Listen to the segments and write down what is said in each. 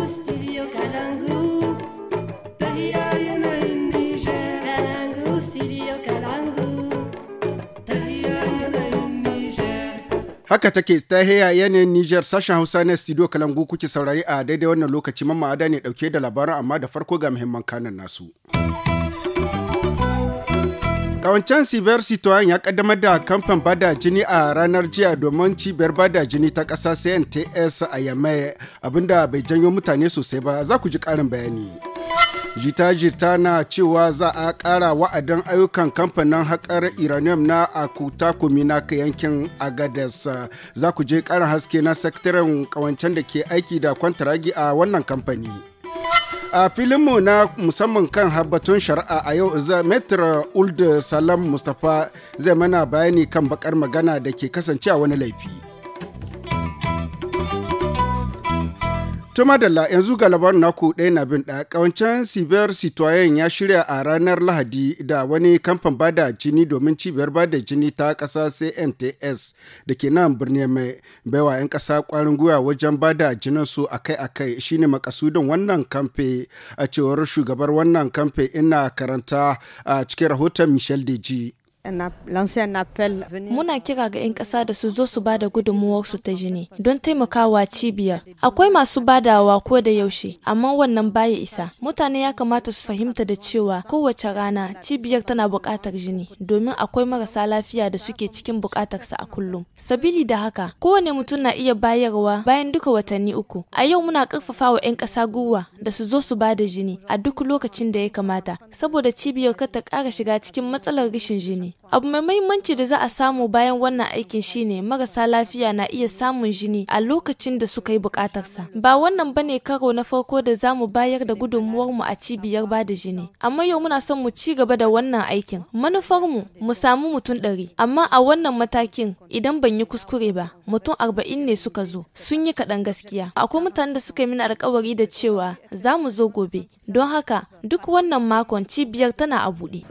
Kalangu. Haka take tahiya yanayin Niger sashen Hausa na studio Kalangu kuke saurari a daidai wannan lokaci mamma ada ne dauke da labaran amma da farko ga muhimman kanan nasu. Kawancan Cibiyar Citoyen ya kaddamar da kamfan bada jini a ranar jiya domin cibiyar bada jini ta ƙasa CNTS a Yamai abinda bai janyo mutane sosai ba za ku ji karin bayani. jita-jita na cewa za a kara wa'adin ayyukan kamfanin haƙar uranium na akuta kumina ka yankin agadas za ku je karin haske na sektorin kawancen da ke aiki da kwantaragi a wannan kamfani. a filinmu na musamman kan habbatun shari'a a yau metra uld salam mustapha zai mana bayani kan bakar magana da ke kasancewa wani laifi To madalla yanzu ga labarin naku ɗaya na bin ɗaya ƙawancen Cibiyar Citoyen ya shirya a ranar Lahadi da wani kamfan bada jini domin cibiyar bada jini ta ƙasa CNTS da ke nan birni mai baiwa 'yan ƙasa ƙwarin gwiwa wajen bada jinin su akai-akai shine makasudin wannan kamfe a cewar shugabar wannan kamfe ina karanta a cikin rahoton Michel Deji. Muna kira ga 'yan ƙasa da su zo su ba da su ta jini don taimakawa cibiyar. Akwai masu badawa ko da yaushe, amma wannan baya isa. Mutane ya kamata su fahimta da cewa kowace rana cibiyar tana buƙatar jini domin akwai marasa lafiya da suke cikin buƙatarsa a kullum. Sabili da haka, kowane mutum na iya bayarwa bayan duka watanni uku. A yau muna ƙarfafawa 'yan ƙasa gwiwa da su zo su ba da jini a duk lokacin da ya kamata, saboda cibiyar kar ta ƙara shiga cikin matsalar rashin jini. Abu mai mahimmanci da za a samu bayan wannan aikin shine marasa lafiya na iya samun jini a lokacin da suka yi bukatarsa. Ba wannan bane karo na farko da za mu bayar da gudunmuwarmu a cibiyar ba da jini. Amma yau muna son mu ci gaba da wannan aikin. Manufarmu mu samu mutum ɗari. Amma a wannan matakin idan ban yi kuskure ba mutum arba'in ne suka zo. Sun yi kaɗan gaskiya. Akwai mutanen da suka yi mini alkawari da cewa za mu zo gobe. Don haka duk wannan makon cibiyar tana a buɗe.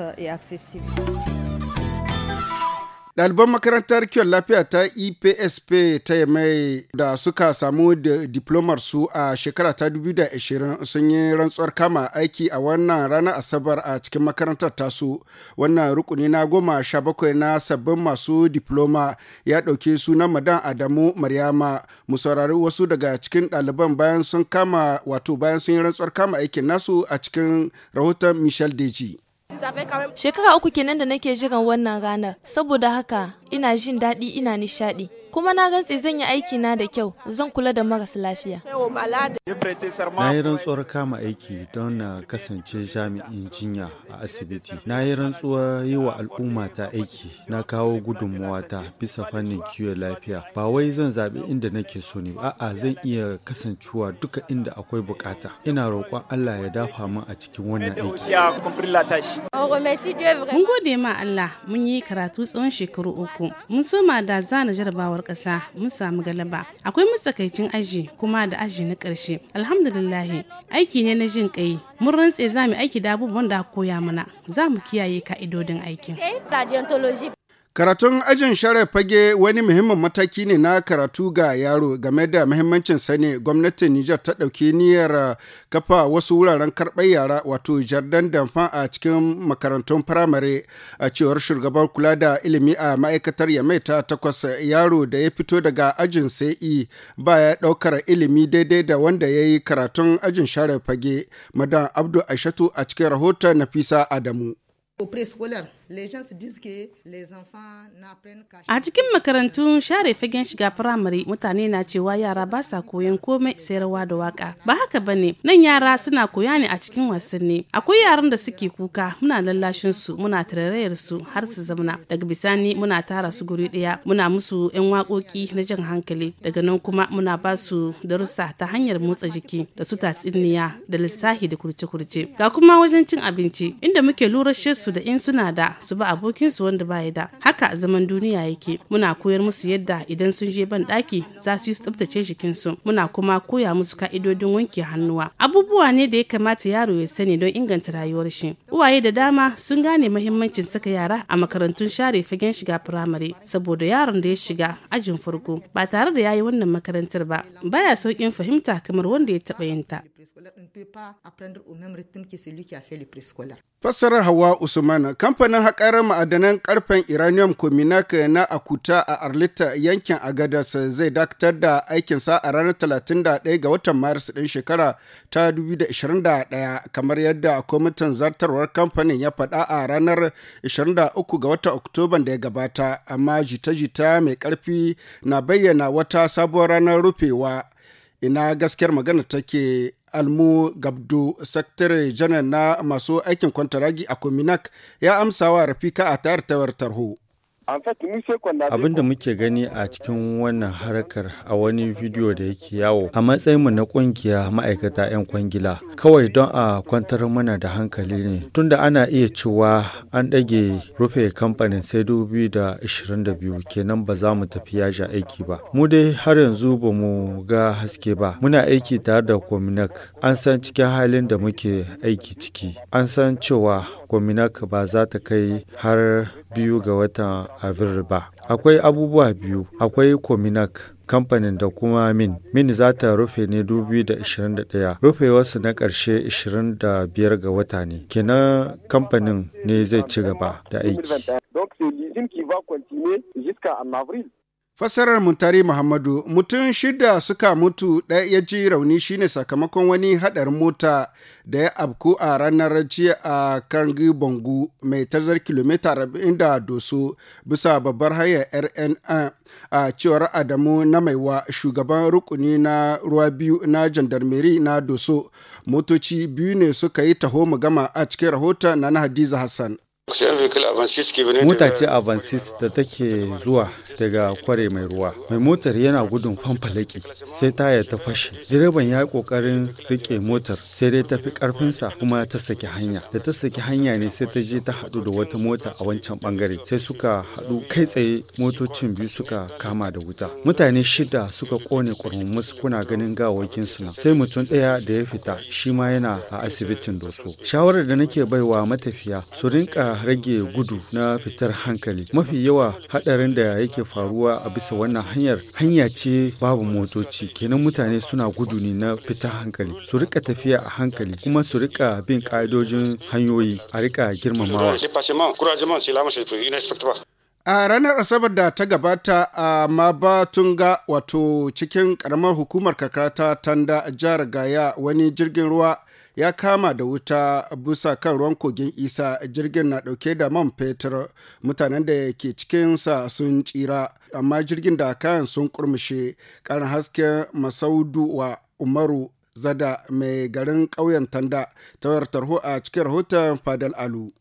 ɗaliban makarantar kiwon lafiya ta epsp ta mai da suka samu da diplomar su a shekara ta 2020 sun yi rantsuwar kama aiki a wannan ranar asabar a cikin makarantar tasu wannan rukuni na goma sha bakwai na sabbin masu diploma ya ɗauki sunan madan adamu maryama mu saurari wasu daga cikin ɗaliban bayan sun kama wato bayan sun yi rantsuwar kama aikin nasu a cikin rahoton michel deji Shekara uku kenan da nake jiran wannan ranar, saboda haka ina jin daɗi ina nishaɗi. kuma na gantsi zan yi aiki na da kyau zan kula da maras lafiya. Na yi rantsuwar kama aiki don na kasance jami'in jinya a asibiti. Na yi rantsuwar yi wa al'umma ta aiki na kawo gudunmuwata bisa fannin kiwon lafiya. Ba wai zan zaɓi inda nake so ne a'a zan iya kasancewa duka inda akwai bukata. Ina roƙon Allah ya dafa min a cikin wannan aiki. Mun gode ma Allah mun yi karatu tsawon shekaru uku. Mun soma da zana jarabawar kazawar kasa mun samu galaba akwai matsakaicin aji kuma da aji na ƙarshe alhamdulillahi aiki ne na jin ƙai mun rantse za mu aiki da abubuwan da koya mana za mu kiyaye ka'idodin aikin Karatun ajin share fage wani muhimmin mataki ne na karatu ga yaro game da muhimmancin sani gwamnatin Nijar ta ɗauki niyyar uh, kafa wasu wuraren karɓar yara wato jardan damfa a cikin makarantun firamare a cewar shugaban kula da ilimi a ma'aikatar yamaita takwas yaro da ya fito daga ajin sai e ba ya ɗaukar ilimi daidai da wanda ya yi karatun ajin share fage madan Abdu Aishatu a cikin rahoton Nafisa Adamu. A cikin makarantun share fagen shiga firamare mutane na cewa yara ba sa koyon komai sai rawa da waka. Ba haka ba ne, nan yara suna koya ne a cikin wasanni. Akwai yaran da suke kuka muna lallashin su muna tararayar su har su zamna. Daga bisani muna tara su guri ɗaya muna musu 'yan waƙoƙi na jan hankali. Daga nan kuma muna ba su darussa ta hanyar motsa jiki da su tatsiniya da lissahi da kurce-kurce. Ga kuma wajen cin abinci inda muke lura su da in suna da su ba abokinsu wanda ba da haka zaman duniya yake muna koyar musu yadda idan sun je ban daki za su yi tsabtace jikinsu muna kuma koya musu ka'idodin wanke hannuwa abubuwa ne da ya kamata yaro ya sani don inganta rayuwar shi uwaye da dama sun gane mahimmancin saka yara a makarantun share fagen shiga firamare saboda yaron da ya shiga ajin farko ba tare da ya yi wannan makarantar ba baya saukin fahimta kamar wanda ya taba yin ta préscolaire, on ne peut pas apprendre au même rythme que celui qui a fait le préscolaire. Fassarar Hawa Usman, kamfanin haƙarar ma'adanan ƙarfen Iranium Kominak na Akuta a Arlita yankin Agadas zai dakatar da aikinsa a ranar 31 ga watan Maris ɗin shekara ta 2021 kamar yadda kwamitin zartarwar kamfanin ya faɗa a ranar 23 ga watan Oktoban da ya gabata, amma jita-jita mai ƙarfi na bayyana wata sabuwar ranar rufewa. Ina gaskiyar magana take almu gabdo sakatare janar na masu aikin kwantaragi a kominak ya amsa wa rafika a tayar tawar tarho Abin da muke gani a cikin wannan harkar a wani bidiyo da yake yawo a matsayinmu na kungiya ma'aikata 'yan kwangila kawai don a kwantar mana da hankali ne tunda ana iya cewa an ɗage rufe kamfanin sai 2022 kenan ba za mu tafi yaja aiki ba. Mu dai har yanzu ba mu ga haske ba. Muna aiki tare da Kominak. An san cikin halin da muke aiki ciki. An san cewa Kominak ba za ta kai har biyu ga watan abin ba. Akwai abubuwa biyu, akwai Kominak kamfanin da kuma min min za ta rufe ne 2021 wasu na ƙarshe 25 ga wata ne kenan kamfanin ne zai ci gaba da aiki Fassarar Muntari Muhammadu mutum shida suka mutu ɗaya ya ji rauni shine sakamakon wani haɗarin mota da ya afku a ranar jiya a Kangi Bongu mai tazar kilomita 40 da doso bisa babbar hanyar RNA a cewar Adamu na maiwa shugaban rukuni na ruwa biyu na jandarmeri na doso motoci biyu ne suka yi taho mu gama a cikin rahoton na Hadiza Hassan. Mota ce Avansis da take zuwa daga kware mai ruwa. Mai motar yana gudun fanfalaki sai taya ta fashe. Direban ya kokarin riƙe motar sai dai ta fi karfinsa kuma ta saki hanya. Da ta saki hanya ne sai ta je ta haɗu da wata mota a wancan bangare. Sai suka haɗu kai tsaye motocin biyu suka kama da wuta. Mutane shida suka kone kurmus kuna ganin gawakin suna. Sai mutum ɗaya da ya fita shi ma yana a asibitin doso. Shawarar da nake baiwa matafiya su rinka rage gudu na fitar hankali mafi yawa hadarin da yake faruwa a bisa wannan hanyar hanya ce babu motoci kenan mutane suna gudu ne na fitar hankali su rika tafiya a hankali kuma su rika bin ka'idojin hanyoyi a rika girmamawa a ranar asabar da ta gabata a mabatunga wato cikin karamar hukumar karkara ta tanda jihar gaya wani jirgin ruwa ya kama da wuta bisa kan ruwan kogin isa jirgin na dauke da man fetur mutanen da ke cikinsa sun tsira amma jirgin da kayan sun kurmushe karin hasken masaudu wa umaru zada mai garin ƙauyen tanda ta wayar tarho a cikin rahoton fadal alu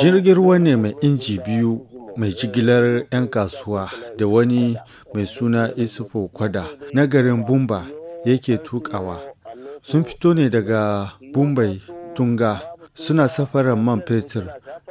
jirgin ruwa ne mai inji biyu mai jigilar 'yan kasuwa da wani mai suna isufo kwada na garin bumba yake tukawa sun fito ne daga Bumbai Tunga, suna safarar man fetur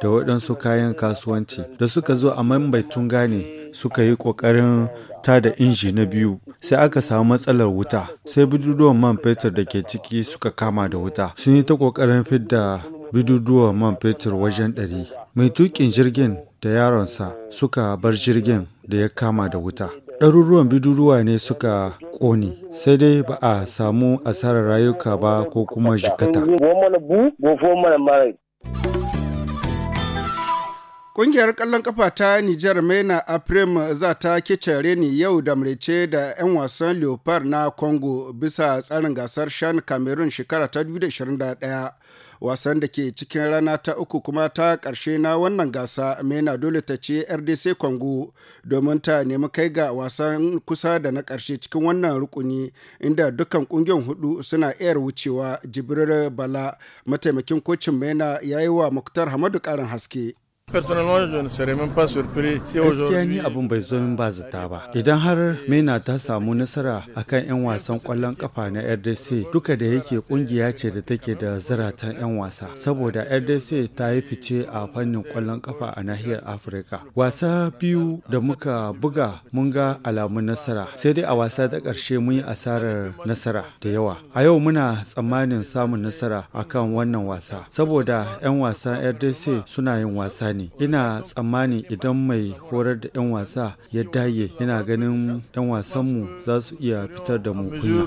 da waɗansu kayan kasuwanci da suka zo a Mumbai Tunga ne suka yi ƙoƙarin ta da inji na biyu sai aka samu matsalar wuta sai bududuwan man fetur da ke ciki suka kama da wuta sun yi ta ƙoƙarin fidda bidiyon man fetur wajen ɗari mai tukin jirgin da yaronsa suka bar jirgin da ya kama da wuta ɗaruruwan bidiruwa ne suka ƙone sai dai ba a samu asarar rayuka ba ko kuma jikata. Ƙungiyar ƙallon ƙafa ta Nijar Mena Aprem za ta kicare ni yau da mrece da 'yan wasan Leopard na Congo bisa tsarin gasar Shan Cameroon shekara ta 2021. Wasan da ke cikin rana ta uku kuma ta ƙarshe na wannan gasa Mena dole ta ce RDC Congo domin ta nemi kai ga wasan kusa da na karshe cikin wannan rukuni inda dukkan ƙungiyar hudu suna iyar wucewa Jibril Bala mataimakin kocin Mena ya yi wa Muktar Hamadu ƙarin haske. Gaskiya ni abin bai zo min ba zata ba. Idan har Mena ta samu nasara akan 'yan wasan kwallon kafa na RDC duka da yake kungiya ce da take da zaratan 'yan wasa. Saboda RDC ta yi fice a fannin kwallon kafa a nahiyar Afirka. Wasa biyu da muka buga mun ga alamun nasara. Sai dai a wasa ta karshe mun yi asarar nasara da yawa. A yau muna tsammanin samun nasara akan wannan wasa. Saboda 'yan wasan RDC suna yin wasa ne. ne ina tsammani idan mai horar da 'yan wasa ya daye yana ganin 'yan wasanmu za su iya fitar da mu kunya.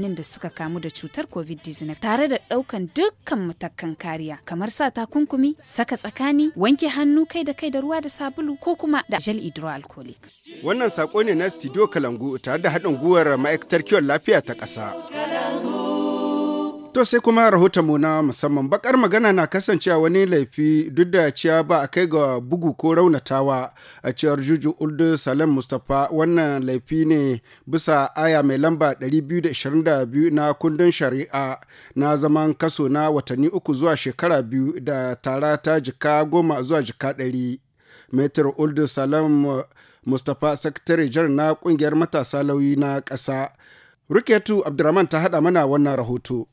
mutanen da suka kamu da cutar covid-19 tare da ɗaukan dukkan matakan kariya kamar sa takunkumi saka tsakani wanke hannu kai da kai da ruwa da sabulu ko kuma da gel hydroalcoholic wannan sako ne na studio kalangu tare da haɗin guwar ma'aikatar kiwon lafiya ta ƙasa. To sai kuma rahotonmu na musamman bakar magana na kasancewa wani laifi duk da cewa ba a kai ga bugu ko raunatawa a cewar juju uldu salem mustapha wannan laifi ne bisa aya mai lamba 222 na kundin shari'a na zaman kaso na watanni uku zuwa shekara biyu da tara ta jika goma zuwa jika ɗari. Metir uldu mustapha sakatare jar na kungiyar matasa lauyi na ƙasa. Ruketu Abdurrahman ta haɗa mana wannan rahoto.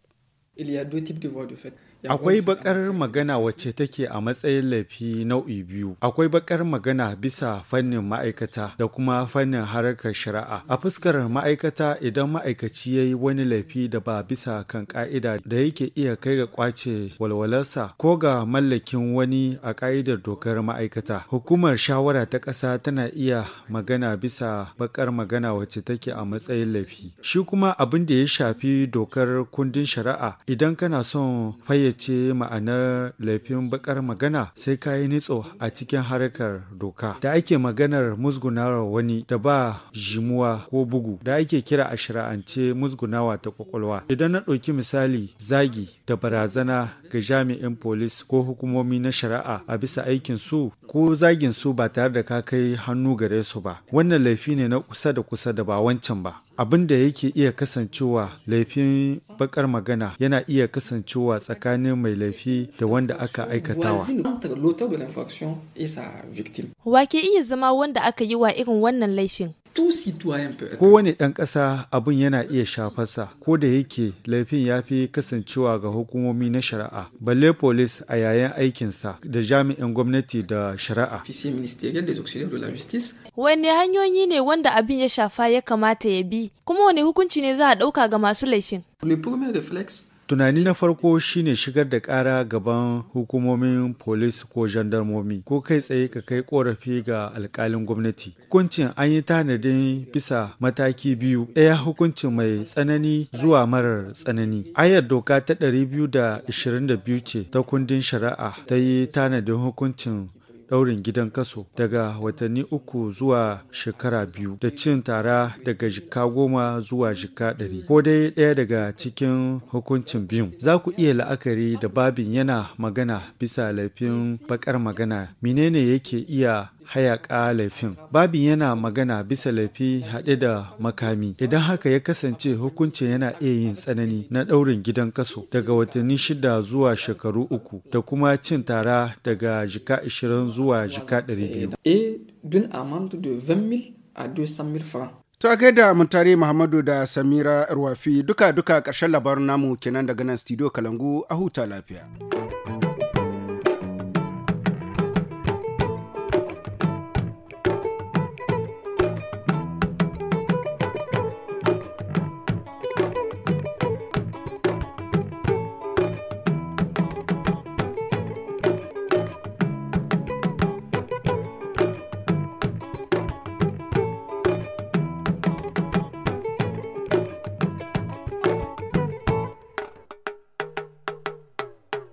Il y a deux types de voix de fait. Akwai bakar magana wacce take a matsayin laifi nau'i biyu. Akwai bakar magana bisa fannin ma'aikata da kuma fannin harkar shari'a. A fuskar ma'aikata idan ma'aikaci ya yi wani laifi da ba bisa kan ka'ida da yake iya kai ga kwace walwalarsa ko ga mallakin wani a ka'idar dokar ma'aikata. Hukumar shawara ta ƙasa tana iya magana bisa bakar magana wacce take a matsayin laifi. Shi kuma abin da ya shafi dokar kundin shari'a idan kana son fayyace ce ma'anar laifin bakar magana sai ka yi nitso a cikin harkar doka da ake maganar musgunawa wani da ba jimuwa ko bugu da ake kira a shari'ance musgunawa ta kwakwalwa idan na ɗauki misali zagi da barazana ga jami'in polis ko hukumomi na shari'a a bisa aikin su ko zagin su ba tare da ka kai hannu gare su ba wannan laifi ne na kusa da kusa da ba wancan ba abin da yake iya kasancewa laifin bakar magana yana iya kasancewa tsakanin mai laifi da wanda aka aikatawa. Wa ke iya zama wanda aka yi wa irin wannan laifin? Kowane ɗan ƙasa abin yana iya shafarsa, ko da yake laifin ya fi kasancewa ga hukumomi na shari'a, balle polis a yayin aikinsa da jami'in gwamnati da shari'a. Wanne hanyoyi ne wanda abin ya shafa ya kamata ya bi, kuma wane hukunci ne za a ɗauka ga masu laifin? Tunani na farko shine shigar da kara gaban hukumomin polis ko jandarmomi ko kai tsaye ka kai korafi ga alkalin gwamnati. Hukuncin an yi tanadin bisa mataki biyu, ɗaya hukuncin mai tsanani zuwa marar tsanani. Ayar doka ta 222 ce ta kundin shari'a ta yi tanadin hukuncin ɗaurin gidan kaso daga watanni uku zuwa shekara biyu da cin tara daga jika goma zuwa jika ɗari ko dai ɗaya daga cikin hukuncin biyun za ku iya la'akari da babin yana magana bisa laifin bakar magana menene yake iya hayaƙa laifin. Babin yana magana bisa laifi haɗe da makami. Idan haka ya kasance hukuncin yana iya yin tsanani na ɗaurin gidan kaso daga watanni shida zuwa shekaru uku da kuma cin tara daga jika ishirin zuwa jika ɗari biyu. To a gaida Muntari Muhammadu da Samira Ruwafi duka-duka ƙarshen labarin namu kenan daga nan studio Kalangu a huta lafiya.